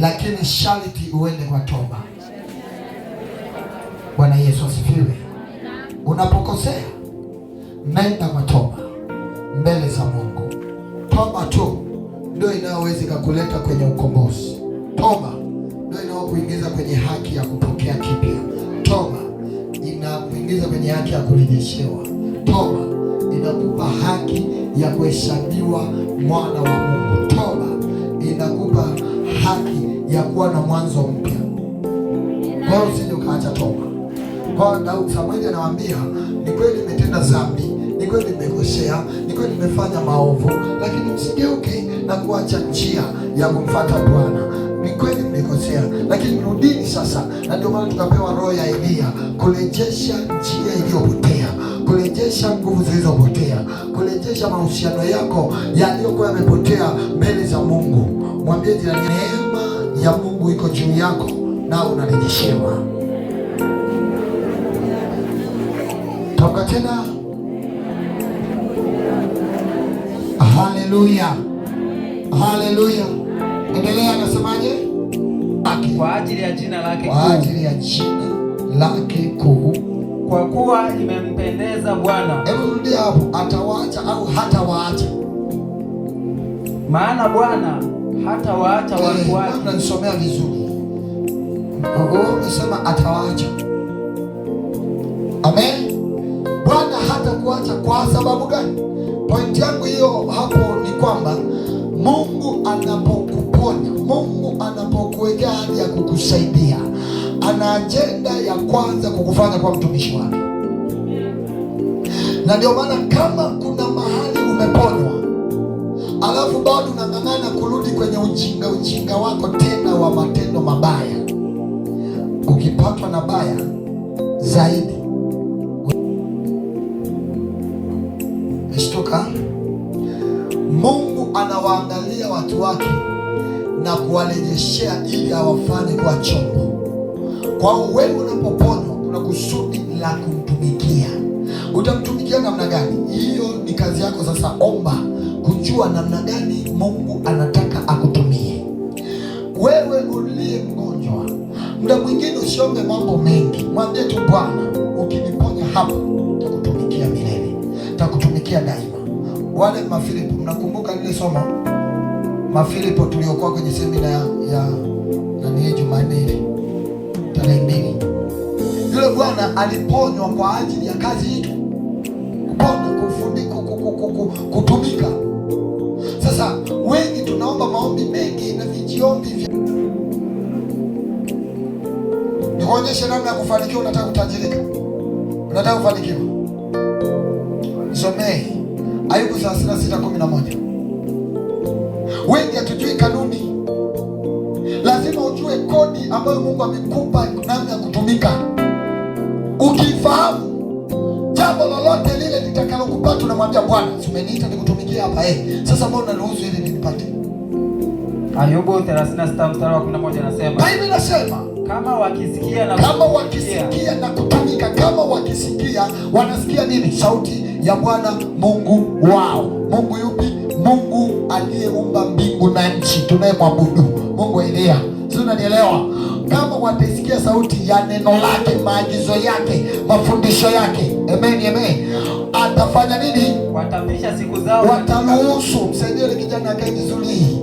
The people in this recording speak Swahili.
lakini sharti uende kwa toba. Bwana Yesu asifiwe. Unapokosea nenda kwa toba mbele za Mungu. Toba tu ndio inayoweza kukuleta kwenye ukombozi. Toba ndio inayokuingiza kwenye haki ya kupokea kipya. Toba inakuingiza kwenye haki ya kurejeshewa. Toba inakupa haki ya kuhesabiwa mwana wa Mungu. Toba inakupa haki ya kuwa na mwanzo mpya. Kwa hiyo usije ukaacha toba. Kwa Daudi Samueli anawaambia ni kweli nimetenda dhambi, ni kweli nimekosea, ni kweli nimefanya maovu, lakini msigeuke na kuacha njia ya kumfuata Bwana ni kweli mmekosea, lakini rudini sasa. Na ndio maana tukapewa roho ya Eliya, kurejesha njia iliyopotea kurejesha nguvu zilizopotea, kurejesha mahusiano yako yaliyokuwa yamepotea mbele za Mungu. Mwambie jirani, neema ya Mungu iko juu yako na unarejeshewa. Toka tena, haleluya, haleluya. Endelea, anasemaje? Kwa ajili ya jina lake kuu, kwa ajili ya jina lake kuu kwa kuwa imempendeza Bwana. Hebu rudi hapo, atawaacha au hatawaacha? Maana Bwana hatawaacha eh, watu wake. nisomea vizuri, nisema atawaacha. Amen. Bwana hatakuacha kwa sababu gani? Pointi yangu hiyo hapo ni kwamba Mungu anapokuponya, Mungu anapokuwekea hadi ya kukusaidia ana ajenda ya kwanza kukufanya kwa mtumishi wake, na ndio maana kama kuna mahali umeponywa alafu bado unang'ang'ana kurudi kwenye ujinga ujinga wako tena wa matendo mabaya, ukipatwa na baya zaidi meshtuka. Mungu anawaangalia watu wake na kuwarejeshea ili awafanye kwa chombo kwa wewe unapoponywa, kuna kusudi la kumtumikia. Utamtumikia namna gani? Hiyo ni kazi yako. Sasa omba kujua namna gani Mungu anataka akutumie wewe uliye mgonjwa. Muda mwingine usiombe mambo mengi, mwambie tu Bwana, ukiniponya hapo takutumikia milele, takutumikia daima. Wale Mafilipo, mnakumbuka lile somo Mafilipo tuliokuwa kwenye semina ya nani Jumanne ile pembeni. Yule bwana aliponywa kwa ajili ya kazi hii, kuponywa, kufundika, kutumika. Sasa wengi tunaomba maombi mengi na vijiombi vya nikuonyeshe namna ya kufanikiwa. Unataka kutajirika, unataka kufanikiwa, nisomee Ayubu 36:11. Wengi ambayo Mungu amekupa namna ya kutumika. Ukifahamu jambo lolote lile litakalokupata, unamwambia Bwana, umeniita nikutumikia hapa eh, sasa mbona unaruhusu ili nilipate? Ayubu 36 mstari wa 11 anasema, Biblia inasema kama wakisikia na kama wakisikia na kutumika, kama wakisikia wanasikia nini? Sauti ya Bwana Mungu wao. Mungu yupi? Mungu aliyeumba mbingu na nchi tunayemwabudu, Mungu Elia, si unanielewa? Kama watasikia sauti ya neno lake, maagizo yake, mafundisho yake, amen, amen, atafanya nini? Watamlisha siku zao, wataruhusu. Msaidie kijana akae vizuri.